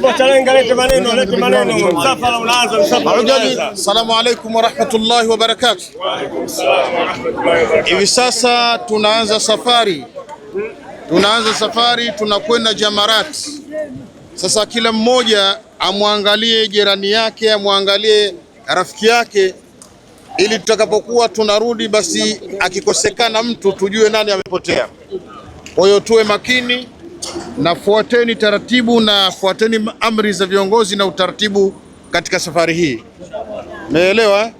Machalenga, alaikum warahmatullahi lete wa rahmatullahi wa Hivi sasa tunaanza safari, tunaanza safari, tunakwenda Jamarat. Sasa kila mmoja amwangalie jirani yake, amwangalie rafiki yake, ili tutakapokuwa tunarudi, basi akikosekana mtu tujue nani amepotea. Kwa hiyo tuwe makini na fuateni taratibu na fuateni amri za viongozi na utaratibu katika safari hii, meelewa.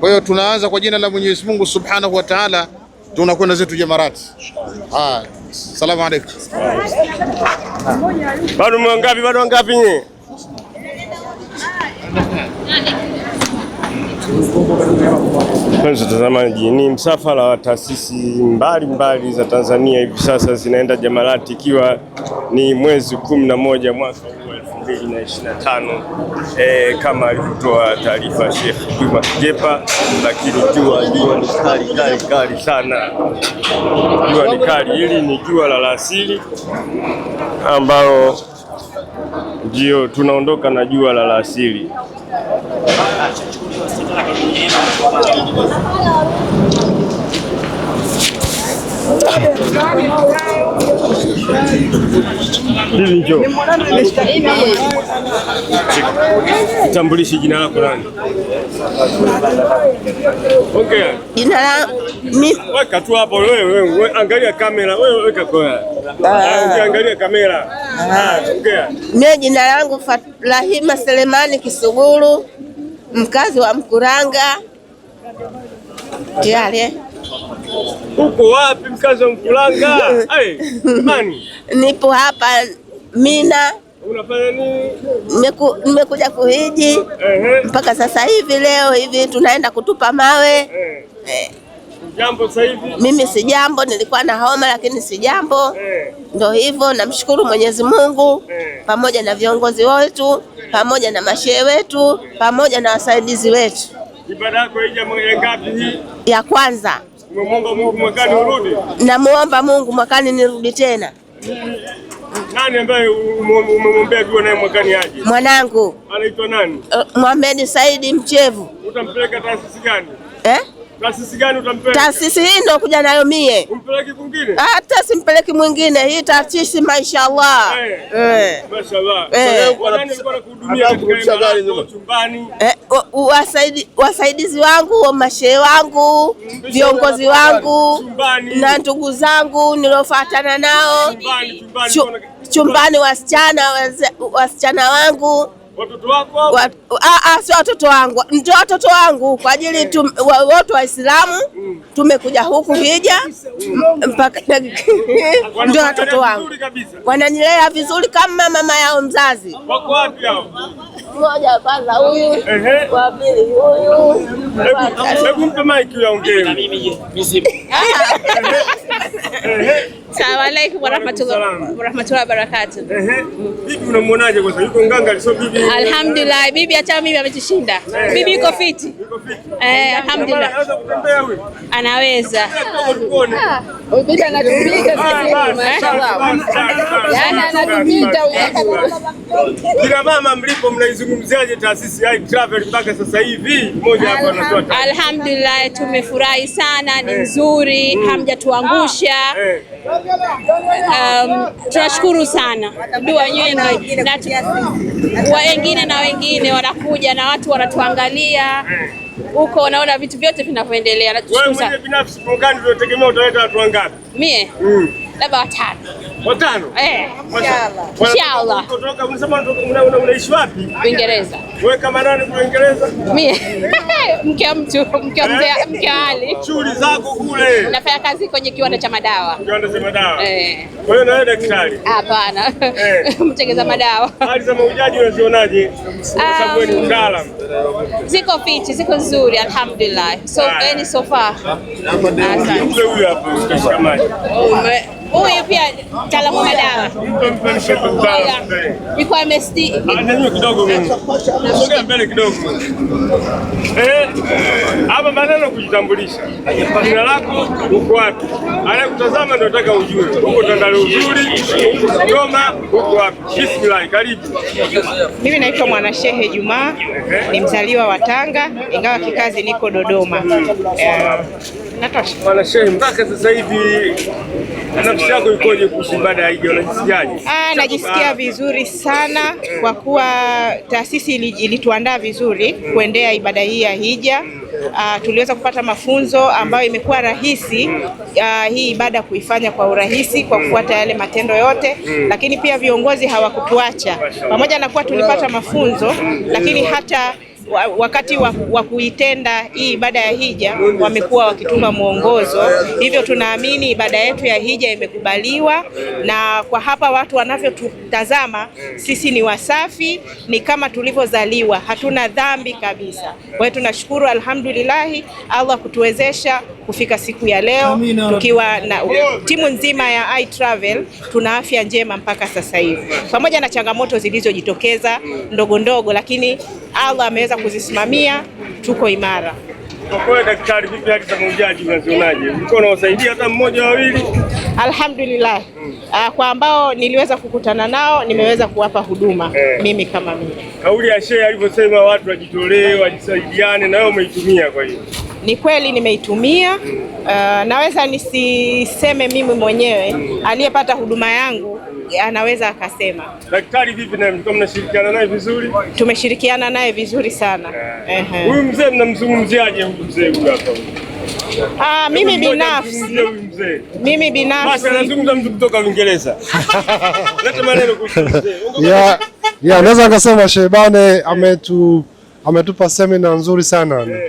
Kwa hiyo tunaanza kwa jina la Mwenyezi Mungu Subhanahu wa Ta'ala, tunakwenda zetu Jamarati. Ah, salamu alaykum. Bado mwangapi? Bado mwangapi nyinyi? Mpenzi mtazamaji, ni msafara wa taasisi mbalimbali za Tanzania hivi sasa zinaenda Jamarati, ikiwa ni mwezi kumi na moja mwaka huu elfu mbili na ishirini na tano e, kama alivyotoa taarifa Sheikh Juma Jepa. Lakini jua jua ni kali kali kali sana, jua ni kali. Hili ni jua la laasili ambalo ndio tunaondoka na jua la laasili Hivi njoo. Kitambulishe jina lako nani? Okay. Jina la mi... Weka tu hapo wewe, wewe angalia kamera, wewe weka kwa. Ah. angalia kamera. Ah, ah Okay. Mimi jina langu Rahima Selemani Kisuguru mkazi wa Mkuranga tiale. Uko wapi mkazi wa Mkuranga? Nipo hapa Mina. Unafanya nini? Nimekuja kuhiji mpaka sasa hivi, leo hivi tunaenda kutupa mawe. Ehe. Eh. Jambo sasa hivi? Mimi si jambo, nilikuwa na homa lakini si jambo eh. Ndio hivyo, namshukuru Mwenyezi Mungu eh, pamoja na viongozi wetu pamoja na mashehe wetu pamoja na wasaidizi wetu. Ibada yako ija hija ngapi hii? Ya kwanza. Umemuomba Mungu mwakani urudi? Namuomba Mungu mwakani nirudi tena. Nani ambaye umemwombea dua naye mwakani aje? Mwanangu. Anaitwa nani? Uh, Mohamed Saidi Mchevu. Utampeleka taasisi gani? Eh? Taasisi gani utampeleka? Taasisi hii ndo kuja nayo mie. Umpeleki kwingine? Hata simpeleki mwingine. Hii taasisi mashallah. Eh. eh. Mashallah. Eh. Eh, wasaidizi wangu, mashehe wangu, viongozi wangu na ndugu zangu niliofuatana nao chumbani, wasichana wasichana wangu watoto wako? Wat, a, ah, a, ah, si watoto wangu, ndio watoto wangu kwa ajili tu eh. wote Waislamu mm. tumekuja huku eh. hija mpaka ndio watoto wangu wananilea vizuri kama mama yao mzazi. Wako wapi hao? Mmoja kwanza huyu, wa pili huyu. Hebu mpe mic yaongee. Mimi mimi. Assalamu alaykum warahmatullahi wabarakatuh. Bibi unamwonaje kwanza? Yuko nganga aliso bibi? Alhamdulillah, bibi hata mimi ametushinda. Eh. Bibi yuko fiti. Yuko fiti. Eh, alhamdulillah. Anaweza kutembea huyu? Anaweza. Ubida ah, yaani anatumika yani, anatumika kila mama. Mlipo mnaizungumziaje taasisi ya travel mpaka sasa hivi? Moja hapo anatoa Alhamdulillah, tumefurahi sana, ni eh. nzuri, mm. hamjatuangusha. Ah, eh. Um, Tunashukuru sana dua na wengine na wengine wanakuja na watu wanatuangalia. Eh huko unaona vitu vyote vinavyoendelea na wewe mwenyewe binafsi gani unategemea utaleta watu wangapi? Mie mm. labda watano. Watano? Eh. Inshallah. Unasema unaishi wapi? Uingereza. Wewe kama nani kwa Uingereza? Mie mke wa mtu, mke wa mzee eh? mke wa Ali. Shughuli zako kule. Nafanya kazi kwenye kiwanda cha madawa. Kiwanda cha madawa. Eh. Kwa hiyo na wewe daktari? Hapana. Eh. Mtengeza madawa. Hali za maujaji unazionaje? sababu ni um, mtaalamu. Ziko fiti, ziko nzuri alhamdulillah. So, ah. any so far. Asante. Huyu hapa ukishamaji. Huyu pia mtaalamu MSD. Ah, kidogo mimi. mbele eh, hapa maneno kujitambulisha. Jina lako, uko wapi? Anayekutazama ndio nataka ujue. Tandale uzuri, wapi? Bismillah, karibu. Mimi naitwa Mwanashehe Jumaa, ni mzaliwa wa Tanga ingawa kikazi niko Dodoma. Mwanashehe mpaka sasa hivi Nafsi yako ikoje kuhusu ibada ya Eid, unajisikiaje? Ah, najisikia vizuri sana kwa kuwa taasisi ilituandaa vizuri kuendea ibada hii ya hija. Uh, tuliweza kupata mafunzo ambayo imekuwa rahisi uh, hii ibada kuifanya kwa urahisi kwa kufuata yale matendo yote, lakini pia viongozi hawakutuacha pamoja na kuwa tulipata mafunzo, lakini hata wakati wa kuitenda hii ibada ya hija wamekuwa wakituma mwongozo, hivyo tunaamini ibada yetu ya hija imekubaliwa, na kwa hapa watu wanavyotutazama sisi ni wasafi, ni kama tulivyozaliwa, hatuna dhambi kabisa. Kwa hiyo tunashukuru alhamdulillahi, Allah kutuwezesha kufika siku ya leo tukiwa na timu nzima ya iTravel, tuna afya njema mpaka sasa hivi, pamoja na changamoto zilizojitokeza ndogo ndogo, lakini Allah ameweza kuzisimamia, tuko imara. Daktari, vipi haki za mahujaji unazionaje? Ulikuwa unawasaidia hata mmoja wawili? Alhamdulillah. Uh, Kwa ambao niliweza kukutana nao nimeweza kuwapa huduma eh. Mimi kama mimi, kauli ya shehe alivyosema watu wajitolee, wajisaidiane, na wewe umeitumia kwa hiyo ni kweli nimeitumia. Uh, naweza nisiseme mimi mwenyewe, aliyepata huduma yangu anaweza akasema. Daktari vipi naye, mlikuwa mnashirikiana naye vizuri? Tumeshirikiana naye vizuri sana. Huyu mzee mnamzungumziaje huyu mzee huyu hapa? Ah, mimi binafsi mimi binafsi Basi anazungumza mtu kutoka Uingereza. Leta maneno kuhusu mzee. Ya, yeah, naweza nikasema Shebane ametu ametupa semina nzuri sana. Yeah.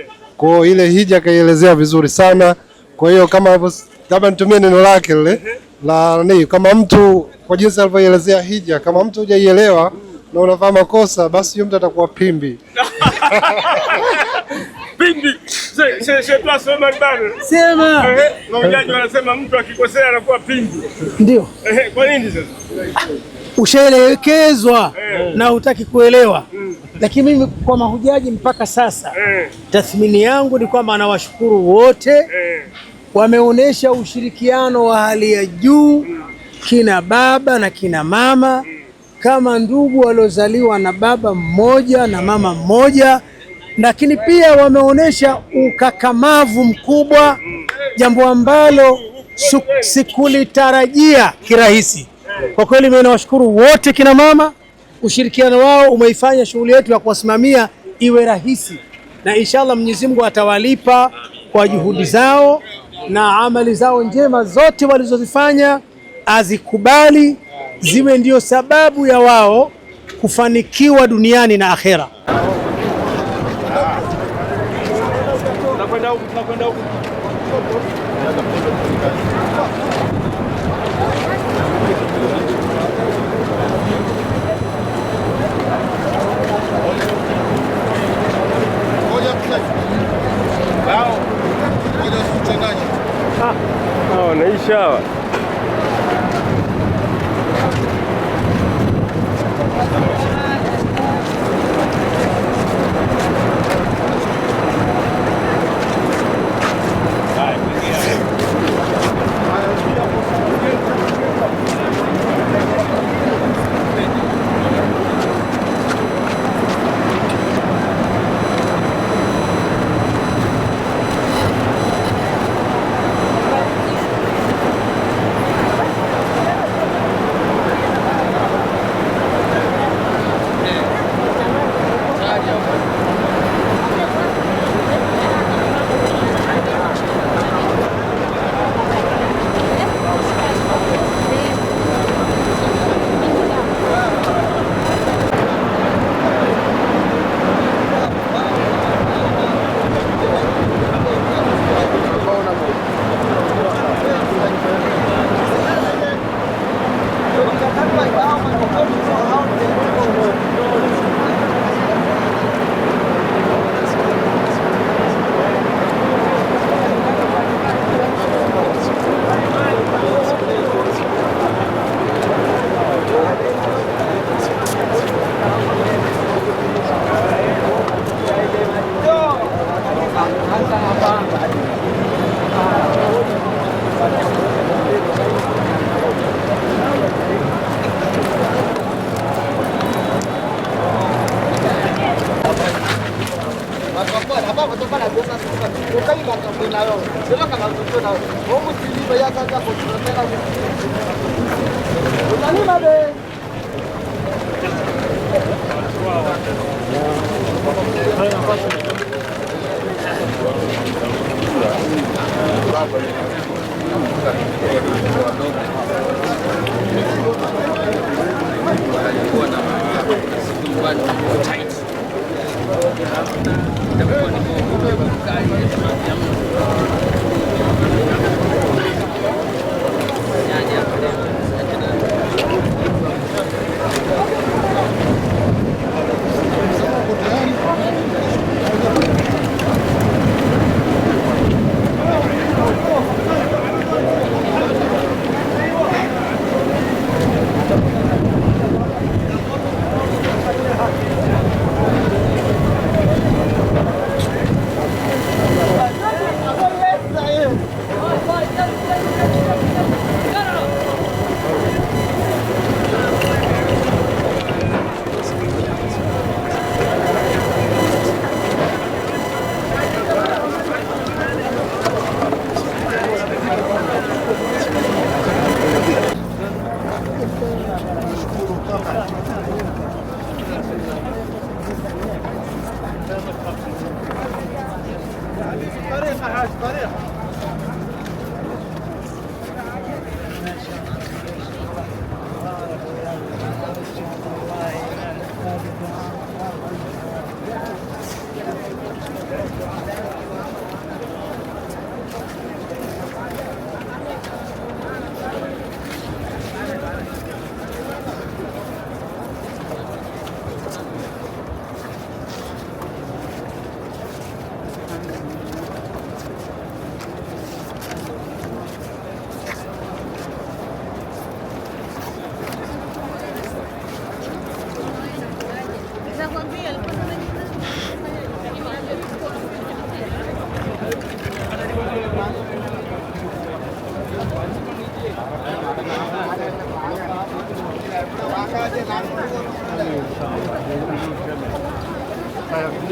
Kwa hiyo ile hija kaielezea vizuri sana. Kwa hiyo kama kama nitumie neno lake lile la nini, kama mtu kwa jinsi alivyoelezea hija, kama mtu hujaielewa na unafanya makosa, basi huyo mtu atakuwa pimbi. Pimbi. Sema. Mahujaji wanasema mtu akikosea anakuwa pimbi. Ndio. Kwa nini sasa? Ah, ushaelekezwa na hutaki kuelewa. Mm. Lakini mimi kwa mahujaji mpaka sasa mm. tathmini yangu ni kwamba anawashukuru wote mm. Eh. wameonyesha ushirikiano wa hali ya juu mm, kina baba na kina mama mm, kama ndugu waliozaliwa na baba mmoja na mama mmoja, lakini pia wameonyesha ukakamavu mkubwa, mm. jambo ambalo sikulitarajia kirahisi. Eh. Kwa kweli mimi nawashukuru wote kina mama ushirikiano wao umeifanya shughuli yetu ya kuwasimamia iwe rahisi, na inshallah Mwenyezi Mungu atawalipa kwa juhudi zao na amali zao njema zote walizozifanya, azikubali ziwe ndio sababu ya wao kufanikiwa duniani na akhera. w a n e i s h a hawa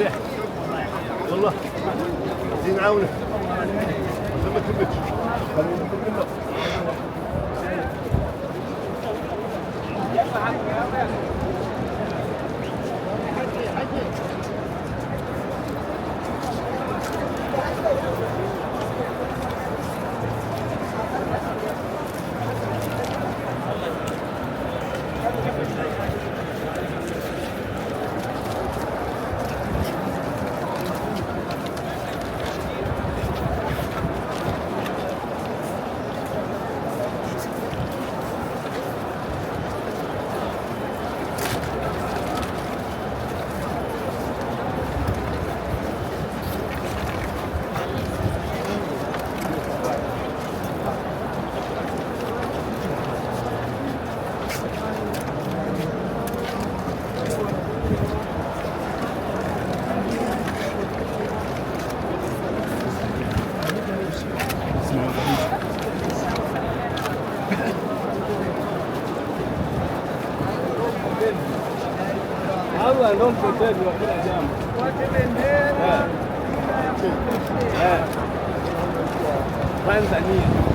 مليح والله زين عاونك ولا ما كملتش خلينا نكمل Thank you. ndio Tanzania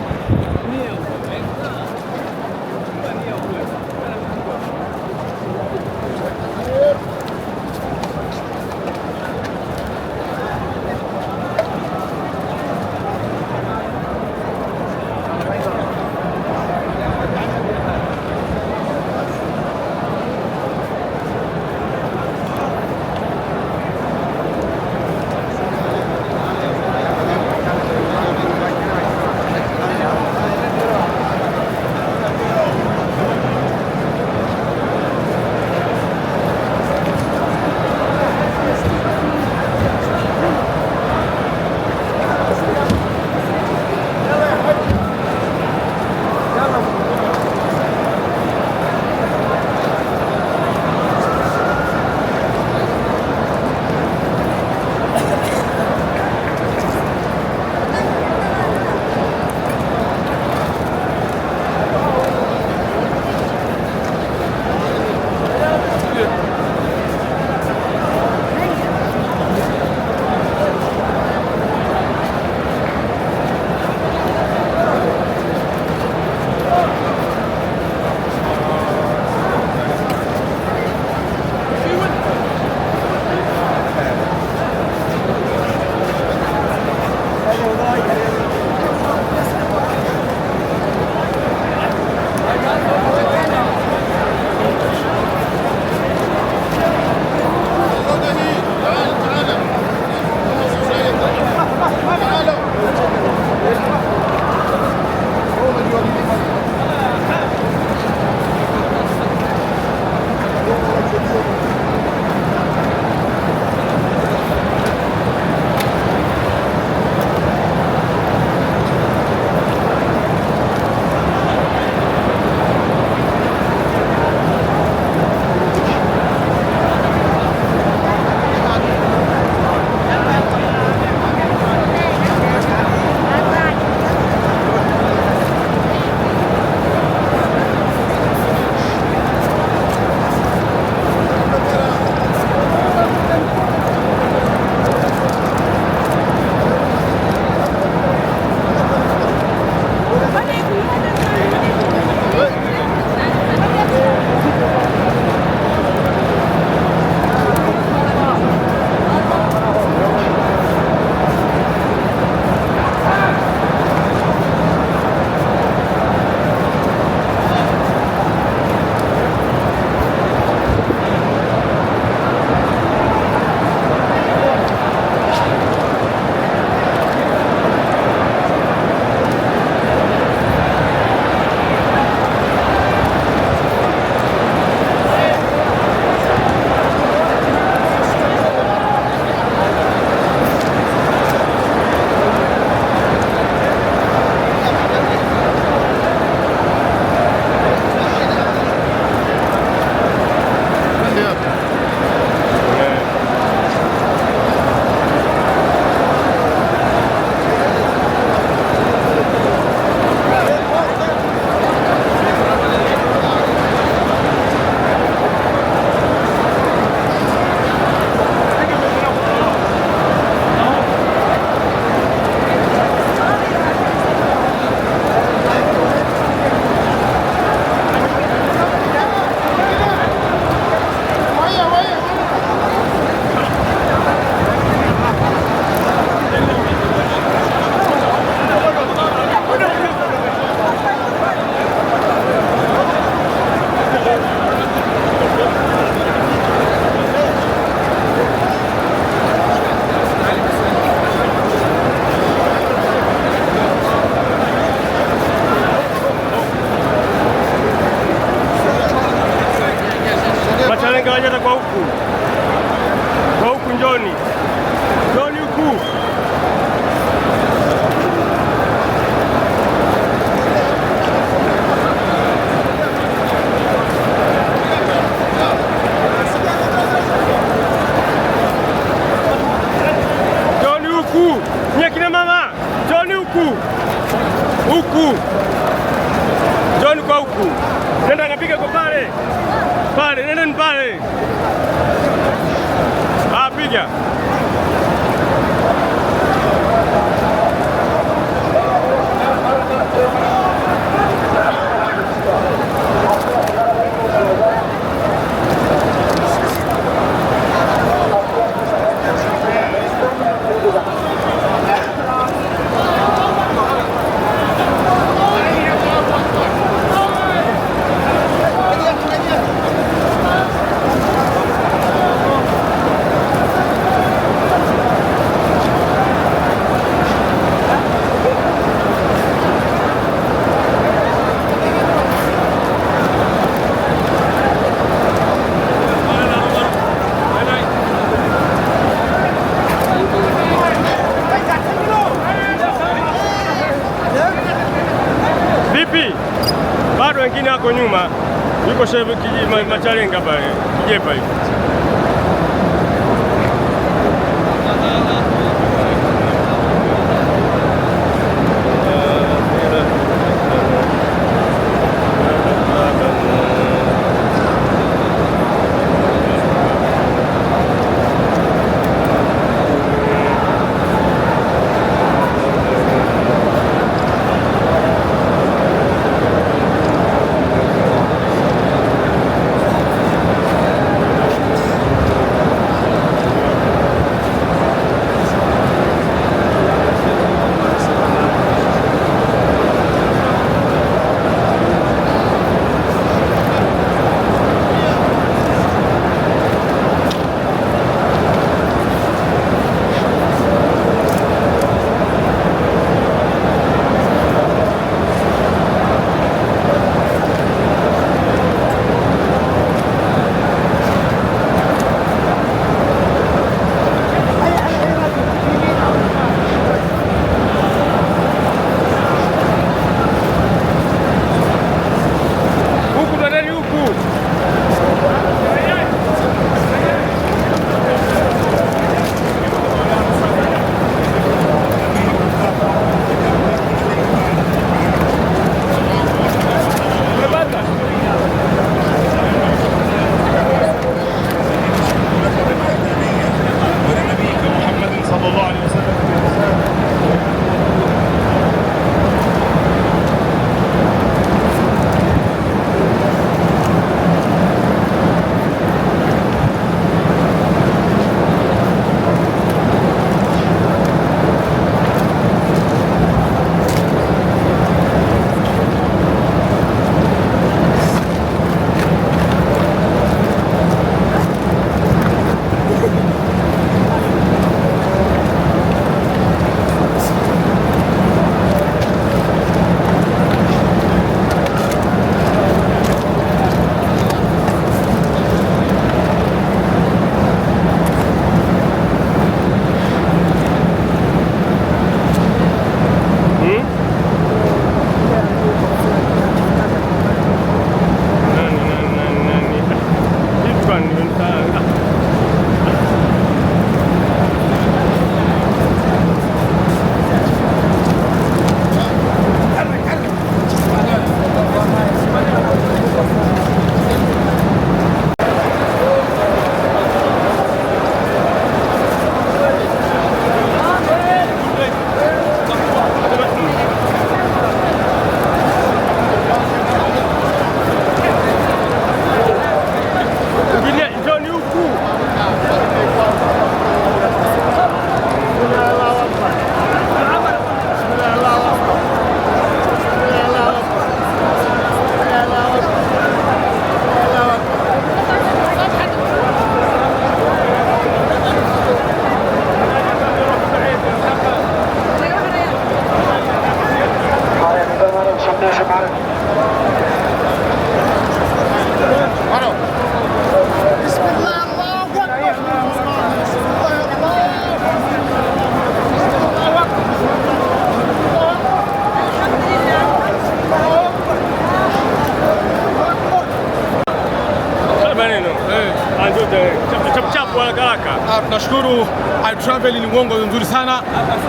nashukuru I Travel ni uongozi nzuri sana,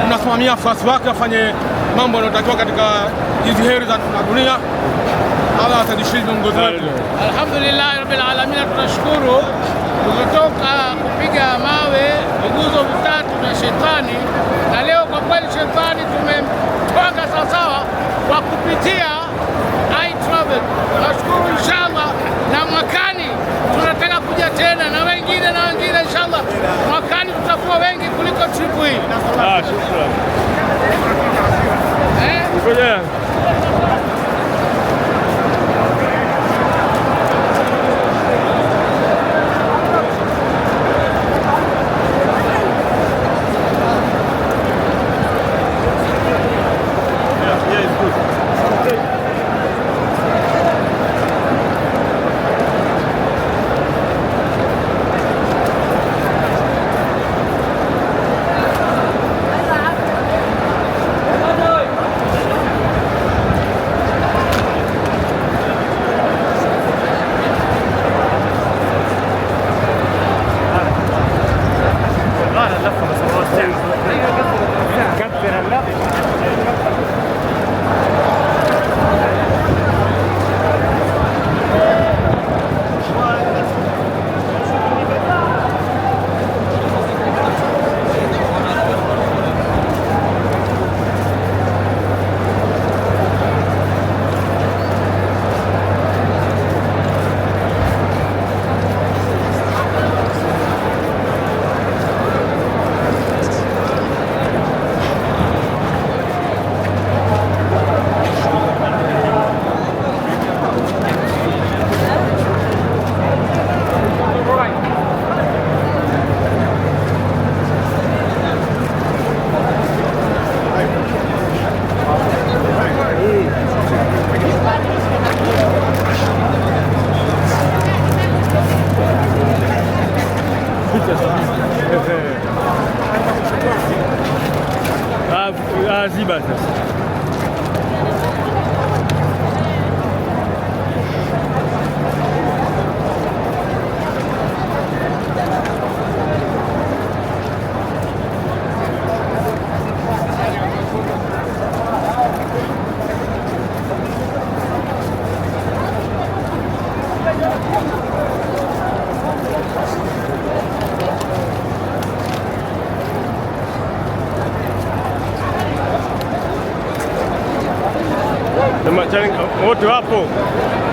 unasimamia wafuasi wake afanye mambo yanayotakiwa katika hizi heri za dunia. Allah asadishie viongozi wetu. Alhamdulillah rabbil alamin, tunashukuru kutoka kupiga mawe nguzo vitatu na shetani, na leo kwa kweli shetani tumempanga sawasawa kwa kupitia I Travel. Tunashukuru inshallah, na mwakani tunataka kuja tena na wengine na wengine inshallah mwakani tutakuwa wengi kuliko tripu hii. Ah, shukrani. Eh? wote wapo